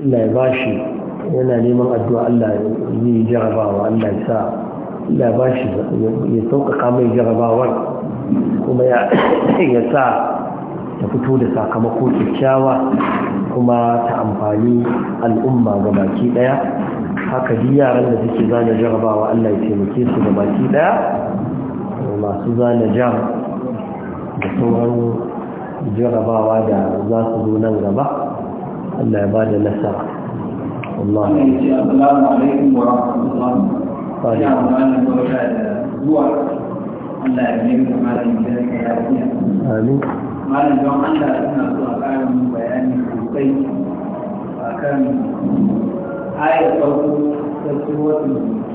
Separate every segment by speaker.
Speaker 1: Allah ya bashi yana neman addu'a Allah ya yi jarabawa Allah ya sa Allah ya bashi ya sauƙaƙa mai jarabawar kuma ya sa ta fito da sakamako kyakkyawa kuma ta amfani al'umma ga baki ɗaya haka duk yaran da suke zana jarabawa Allah ya taimake su ga baki ɗaya masu zana jar da sauran jarabawa da za su zo nan gaba ان العباده لسعى والله السلام عليكم ورحمه الله طيب. وبركاته الله يبارك فيكم آية على ذلك يا امين قال ان
Speaker 2: كان آية قوله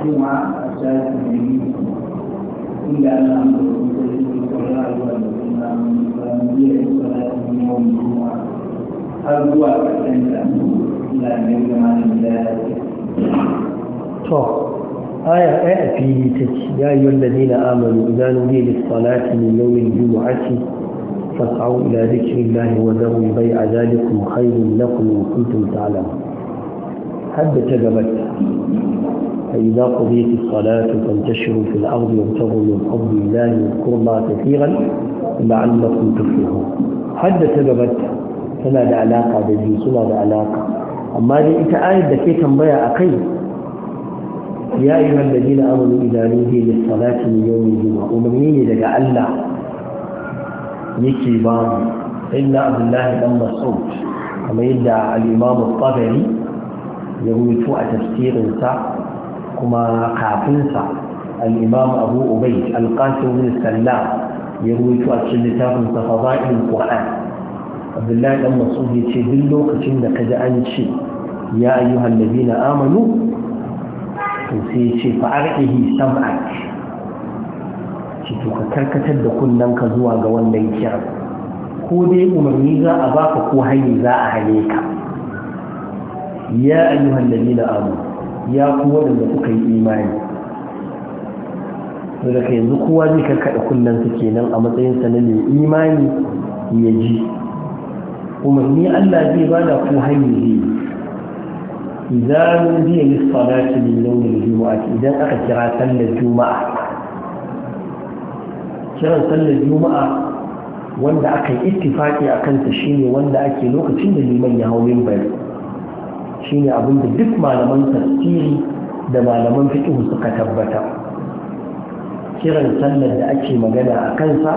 Speaker 2: الجمعة أشارك به إلا أن أمر بالقرآن والجمعة من يوم الجمعة يا
Speaker 1: أيها الذين آمنوا إذا نودي للصلاة من يوم الجمعة فاسعوا إلى ذكر الله وذروا بيع ذلكم خير لكم إن كنتم تعلمون حد تجبت فإذا قضيت الصلاة فانتشروا في الأرض وابتغوا من فضل الله واذكروا الله كثيرا لعلكم تفلحون حد تجبت tana da alaka da biyu suna da alaka amma dai ita ayar da ke tambaya a kai ya yi wanda jina amuru idanu ne da salati ne yau ne juma umarni ne daga Allah yake ba mu inna abdullahi dan mas'ud kamar yadda al-imam tabari ya rubutu a tafsirinsa kuma kafinsa al-imam abu ubayd bin sallam ya rubuto a cikin littafin sa fadailul abdullahi dan masud ya ce duk lokacin da ji an ce ya ayyuhal ladina amanu to sai ya ce fa arqihi sam'ak ci to ka karkatar da kunnen ka zuwa ga wannan kiran ko dai umarni za a baka ko hanyar za a hane ka ya ayyuhal ladina amanu ya ku waɗanda kuka yi imani to daga yanzu kowa zai karkada kunnen sa kenan a matsayin sa na mai imani ya ji ni Allah zai bada ku hanyoyi idan nudiya lissalati min yawmil juma'a idan aka kira sallar juma'a kiran sallar juma'a wanda aka yi ittifaki a kansa shine wanda ake lokacin da liman ya hau minbari shine abin da duk malaman tafsiri da malaman fiqh suka tabbata kiran sallar da ake magana a kansa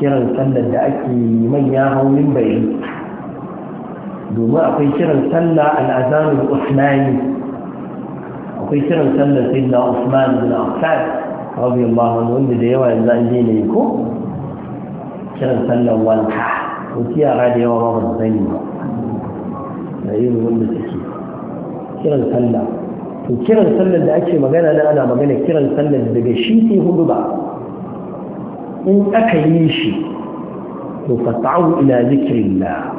Speaker 1: kiran sallar da ake liman ya hau minbari domin akwai kiran sallah al'azamin usmani akwai kiran sallar sayyidina usman bin affan radiyallahu anhu wanda da yawa yanzu an daina yi ko kiran sallar wanka wasu yara da yawa ba ba sani ba da yin wanda suke kiran sallah to kiran sallah da ake magana na ana magana kiran sallah daga shi sai hudu ba in aka yi shi to fasa'u ila zikrillah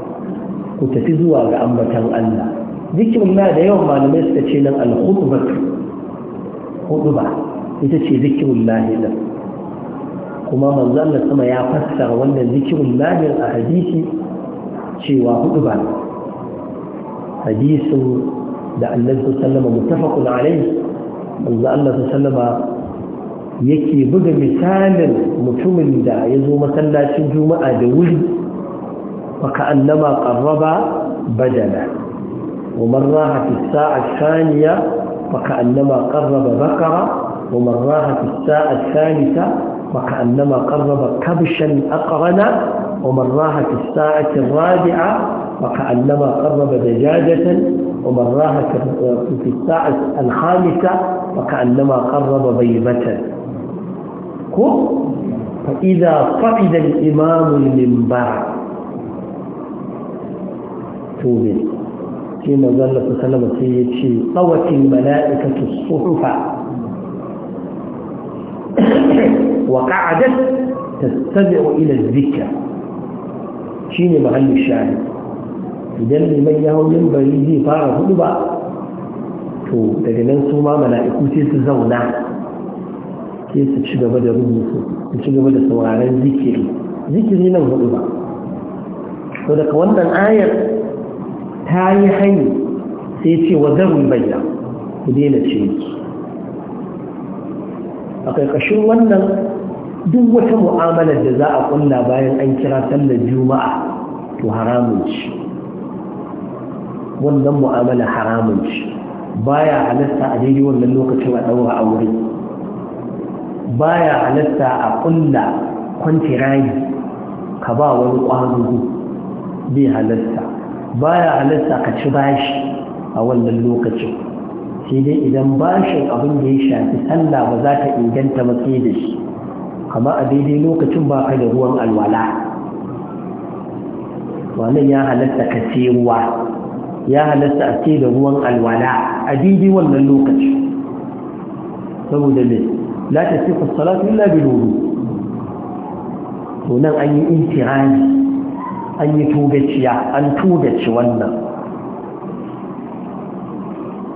Speaker 1: ku tafi zuwa ga ambatan Allah zikirin na da yawan malamai suka ce nan al-khutbah khutba ita ce zikirin lahi nan kuma manzo Allah sama ya fassara wannan zikirin lahi a hadisi cewa khutba hadisin da Allah sallama muttafaqun alayhi manzo Allah sallama yake buga misalin mutumin da ya zo masallacin juma'a da wuri فكأنما قرب بدلا ومن راح في الساعة الثانية فكأنما قرب بقرة ومن راح في الساعة الثالثة وكأنما قرب كبشا أقرن ومن راح في الساعة الرابعة وكأنما قرب دجاجة ومن راح في الساعة الخامسة وكأنما قرب بيضة فإذا صعد الإمام المنبر tobe shi manzannin su sanar mutu ya ce tsawatin mala’ika ta tsohufa wa ƙa’adar ta sabi a ilar zikya shi ne mahallin shari idan liman yawon bari zai fara huɗu ba to daga nan su ma mala’iku sai su zauna ke su ci gaba da rubutu su sauraren zikiri zikiri nan huɗu ba to daga wannan ayar ta yi hanyar sai ce wa zarun bayya ku daina ce a ƙarƙashin wannan duk wata mu'amalar da za a ƙunna bayan an kira sallar juma'a to haramun ci wannan mu'amala haramun ci baya halatta a daidai wannan lokacin a ɗaura a wuri baya halatta a ƙunna kwantirayi ka ba wani ƙwarugu bai halatta Ba ya halatta ka ci bashi a wannan lokacin sai dai idan bashin abin da ya shafi sallah ba za ka inganta matsayi da shi amma a daidai lokacin ba ka da ruwan alwala wannan ya halatta ka ce ruwa ya halatta a ce da ruwan alwala a daidai wannan lokacin. saboda me la ta ce salatu illa bi wudu to nan an yi intirani an yi tugaciya an tugaci wannan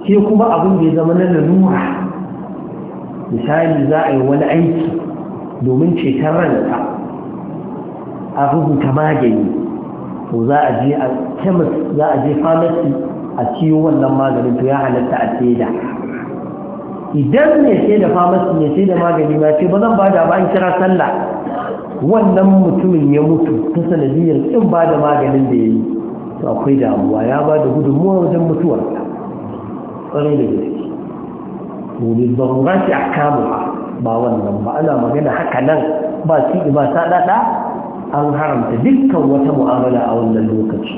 Speaker 1: ke kuma abin da ya zama na lalura misali za a yi wani aiki domin ceton ranta a rubuta magani to za a je a kemis za a je famasi a ciyo wannan maganin to ya halatta a saida idan ne sai da famasi ne sai da magani ma ce ba zan ba da ba an kira sallah wannan mutumin ya mutu ta sanadiyar in ba da maganin da ya yi to akwai damuwa ya ba da gudunmuwa wajen mutuwar ƙwarai da gaske domin ba mu rashi a kamuwa ba wannan ba ana magana haka nan ba su ba ta an haramta dukkan wata mu'amala a wannan lokaci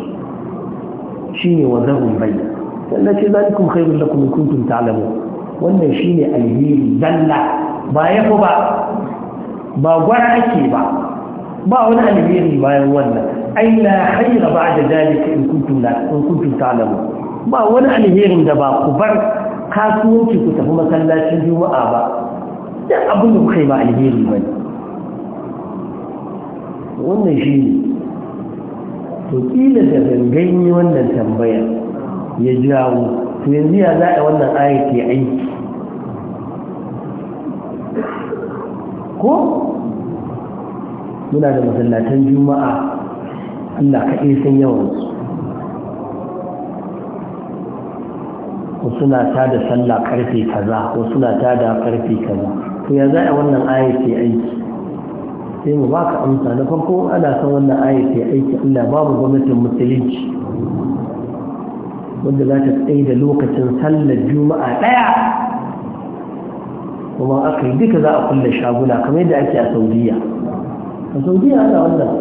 Speaker 1: shine wa zarun bayya sannan ce zalikum khairul lakum in kuntum ta'lamun wannan shine alheri zalla ba ya ba ba gwara ake ba ba wani alheri bayan wannan ai la khayra ba'da dalika in kuntum la ta'lamu ba wani alherin da ba ku bar kasuwanci ku tafi masallacin juma'a ba duk abin da kai ba alheri ba ne wannan shi ne to ƙila da gangan wannan tambayar ya jawo to yanzu ya za wannan ayat aiki ko muna da masallatan juma'a Allah kaɗai san yawansu wasu na tada sallah karfe kaza wasu na tada karfe kaza to ya za wannan aya aiki sai mu baka amsa na farko ana son wannan aya ke aiki Allah babu gwamnatin musulunci wanda za ta tsaye da lokacin sallar juma'a ɗaya kuma aka yi duka za a kulle shaguna kamar yadda ake a saudiya a saudiya ana wannan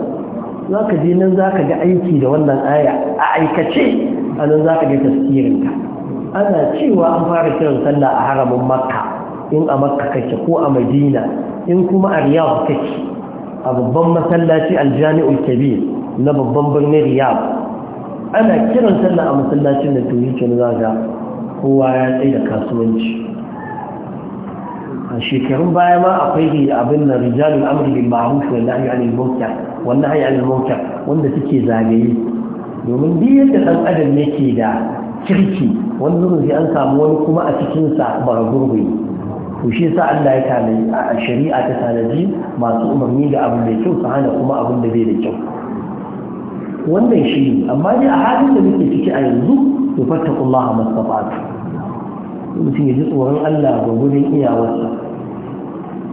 Speaker 1: za ka je nan za ka ga aiki da wannan aya a aikace a nan za ka ga tasirinka ana cewa an fara kiran sallah a haramin makka in a makka kake ko a madina in kuma a riyadh kake a babban masallaci aljami'ul kabir na babban birnin Riyab. ana kiran sallah a masallacin da to yake za ga kowa ya tsaye da kasuwanci a shekarun baya ma akwai abin na rijalul amri bin ma'ruf wal nahy anil munkar anil munkar wanda suke zagaye domin duk yadda dan adam yake da kirki wani zubin sai an samu wani kuma a cikin sa bara gurbi to shi yasa Allah ya tale a shari'a ta tanaji masu umarni da abu mai kyau su hana kuma abin da bai da kyau wannan shi amma dai a halin da muke ciki a yanzu to fattakullaha mastata'tu mutum ya ji tsoron Allah ga gudun iyawarsa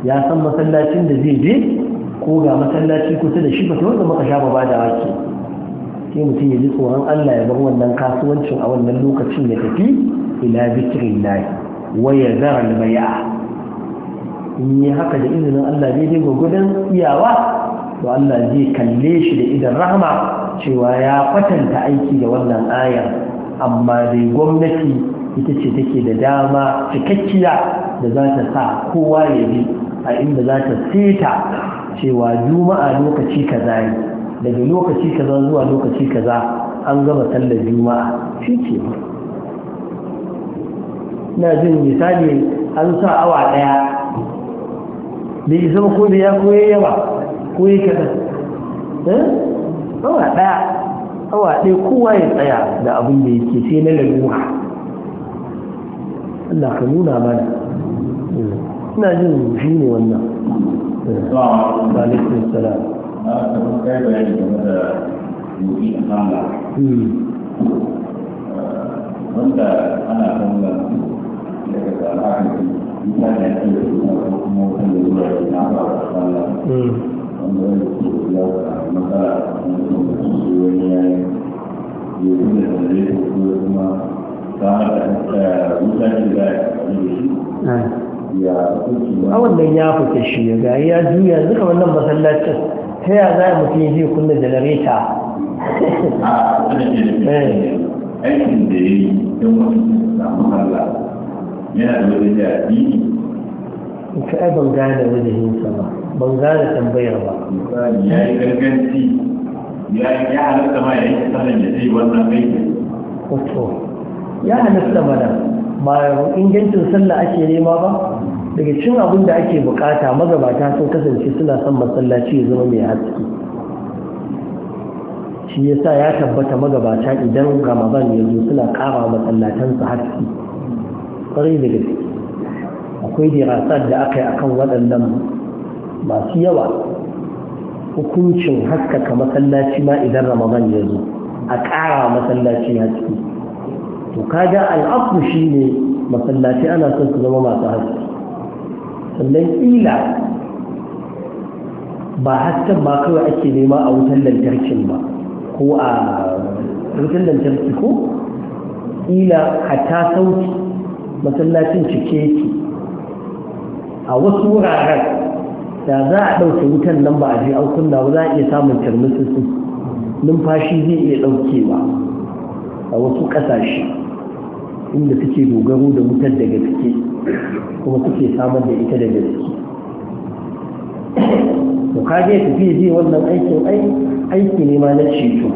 Speaker 1: ya san masallacin da zai je ko ga masallaci kusa da shi ba ta wanda muka sha ba da wake sai mutum ya ji tsoron Allah ya bar wannan kasuwancin a wannan lokacin ya tafi ila bikirin wa ya zara bai'a in yi haka da izinin Allah daidai gwagwadon iyawa to Allah zai kalle shi da idan rahama cewa ya kwatanta aiki da wannan ayar amma dai gwamnati ita ce take da dama cikakkiya da za ta sa kowa ya bi a inda za ta seta cewa juma'a lokaci kaza ne daga lokaci kaza zuwa lokaci kaza an gama sallar juma'a shi ke na jin misali an sa awa daya da isa ko da ya koya yawa ko yi kaɗan eh? awa daya awa ɗaya kowa ya tsaya da abin da yake sai na lalura Allah ka nuna mana hmm. ina jin shi ne wannan alaikun salam
Speaker 2: na taɓa da yuki hmm. uh, a kama na kuma wanda da na hmm.
Speaker 1: wani ya kuma a wannan ya fita shi ya ga ya juya duka wannan masallacin ta ya za a mutum ya je kunna janareta ah, eh. aikin da ya yi don samun Allah yana da wani jaɗi ka ai ban gane wajahinsa ba ban gane tambayar ba ya yi ganganci
Speaker 2: ya yi ya halatta ma ya yi sanar da zai wannan aikin
Speaker 1: ya halatta mana ba ingancin sallah ake nema ba daga cin abin da ake bukata magabata sun kasance suna son masallaci ya zama mai haske shi yasa ya tabbata magabata idan ramadan ya zo suna kara masallatansu haske kwarai da gaske akwai dirasar da aka yi akan waɗannan masu yawa hukuncin haskaka masallaci ma idan ramadan ya zo a kara masallaci haske to kaga al'afu shi ne masallaci ana son su zama masu haske sannan ƙila ba hasken ba kawai ake nema a wutar lantarkin ba ko a wutar lantarki ko ila hata sauti masallacin cike yake a wasu wuraren da za a ɗauke wutan nan ba a je an kunna ba za a iya samun turmutsutsu numfashi zai iya ɗaukewa a wasu ƙasashe inda take dogaro da wutar da gaske kuma take samar da ita da gaske to kage tafiya ji wannan aikin aiki ne ma na ceto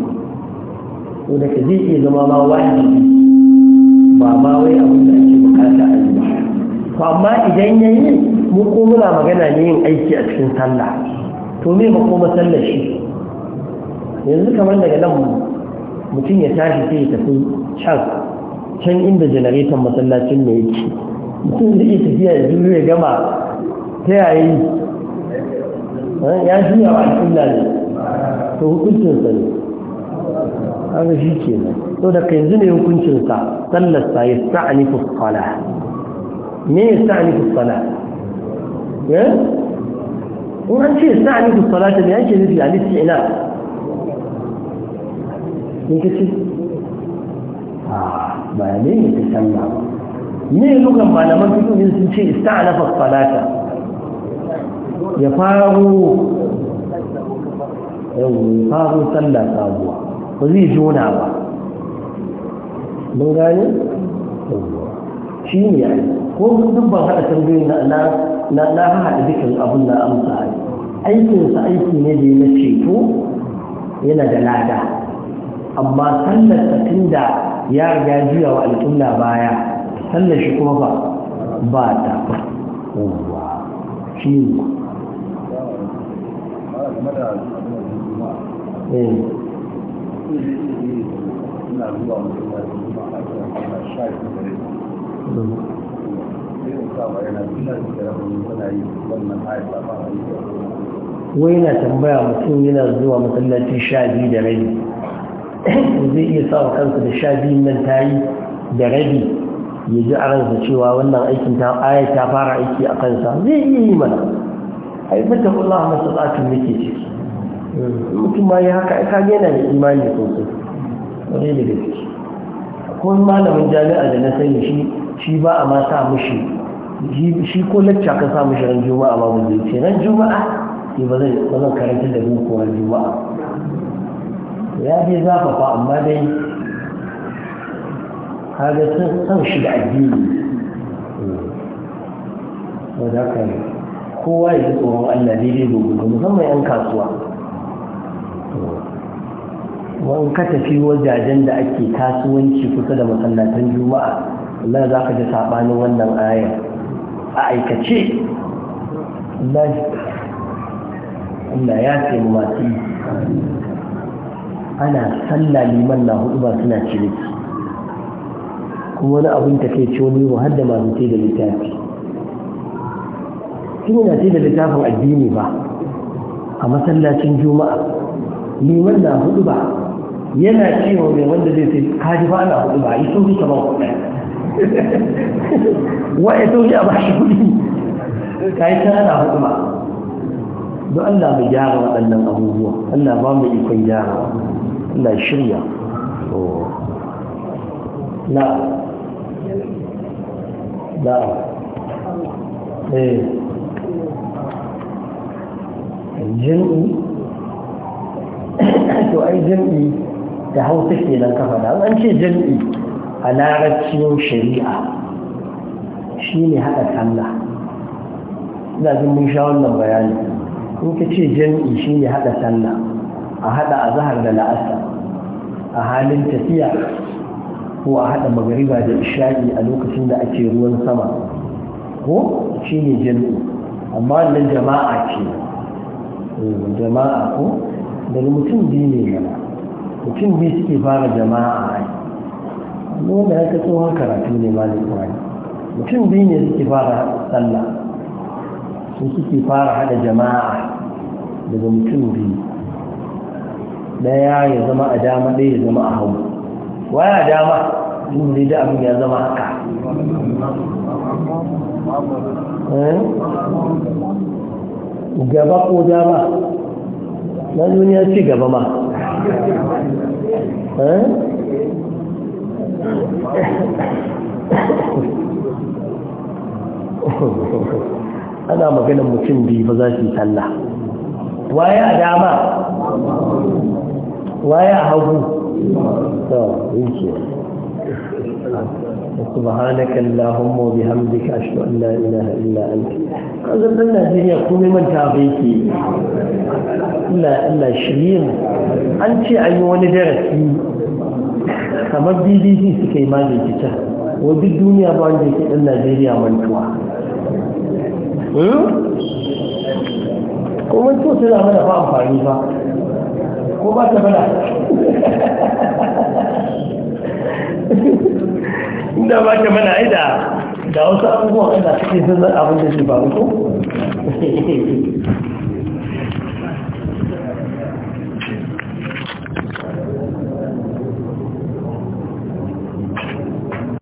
Speaker 1: to da kaje iya zama ma wani ba ma wai abin da ake bukata a yi ba to amma idan ya yi mu ko muna magana ne yin aiki a cikin sallah to me ba ko sallar shi yanzu kamar daga nan mutum ya tashi sai ya tafi can can inda janareton masallacin ne yake mutum da iya tafiya ya zuru ya gama ta yayi eh, ya shirya wa alƙulla ne to hukuncinsa ne haka shi ke nan to da ka yanzu ne hukuncinsa sallarsa ya sa'ani fuskala me ya sa'ani fuskala ya eh? in an ya sa'ani fuskala ta ne yake nufi a listi ina ne ce Ah, ba ne ne ta sallah ba ne lugan malaman fitowin sun ce ista'anafa salata ya faru. yau ya faro sallah sabuwa ba zai jona ba mun gane shi ne yi? ko duk ban haɗa tambayoyi na na haɗa dukkan abun na amsa ai aikinsa aiki ne da na ceto yana da lada amma sallar tun da ya riga juya wa alƙulla baya sallar shi kuma ba ba ta uwa shi ne eh. wai na tambaya mutum yana zuwa masallaci sha biyu da rai zai iya sa wa kansa da sha biyun nan ta yi da rabi ya ji a ransa cewa wannan aikin ta aya ta fara aiki a kansa zai iya yi mana ai mata Allah masu tsatun nake ciki mutum ma ya haka aka yana da imani sosai wani da gaske akwai malamin jami'a da na sani shi shi ba a ma sa mushi shi ko lacca ka sa mushi ran juma'a ma ba zai ce ran juma'a ne eh, ba zan karanta da ko ran juma'a ya fi zafafa amma dai kaga son shi da addini wadda haka kowa ya ji tsoron allah dai gobe musamman 'yan kasuwa wani ka tafi wajajen da ake kasuwanci kusa da masallatan juma'a Allah za ka ji saɓanin wannan ayar a aikace Allah ya ce mu masu ana sallah liman na hudu ba suna ciniki kuma wani abin ta kai ciwo ne har da masu ce da littafi kuma na ce da littafin addini ba a masallacin juma'a liman na hudu ba yana cewa mai wanda zai sai kaji ba na hudu ba yi sauri kamar kuɗa waye sauri a bashi kuɗi ka yi ta ana hudu ba don Allah mu gyara waɗannan abubuwa Allah ba mu ikon gyara Allah ya shirya na na eh jin'i to ai jin'i da hausa ke nan kafa da an ce jin'i a larabcin shari'a shi ne haɗa sallah ina jin mun sha wannan bayani in ka ce jin'i shi ne haɗa sallah a haɗa a zahar da la'asa a halin tafiya ko a haɗa magariba da isha'i a lokacin da ake ruwan sama ko shi ne jami'i amma wannan jama'a ce eh, jama'a ko daga mutum biyu ne yana mutum biyu suke fara jama'a ne wanda ya ka tsohon karatu ne malin kwani mutum biyu ne suke fara sallah su suke fara haɗa jama'a daga mutum biyu daya ya zama a dama ɗaya ya zama a hau waya dama yin ne da abin ya zama haka eh? gaba ko dama na duniya ci gaba ma eh? ana maganin mutum biyu ba za su yi sallah waye a dama waye a hagu to yake سبحانك اللهم وبحمدك أشهد أن لا إله إلا أنت هذا من الذين يقوم من تعبيك إلا إلا شرير أنت أيوان درسي كما بي بي بي سكي مالي جتا وبالدنيا بان جيك إلا جيريا من توا kuma su suna mana fa amfani ba ko ba ta mana
Speaker 2: inda ba ta mana aida da wasu abubuwan
Speaker 1: da suke sun zan abin da shi ba ko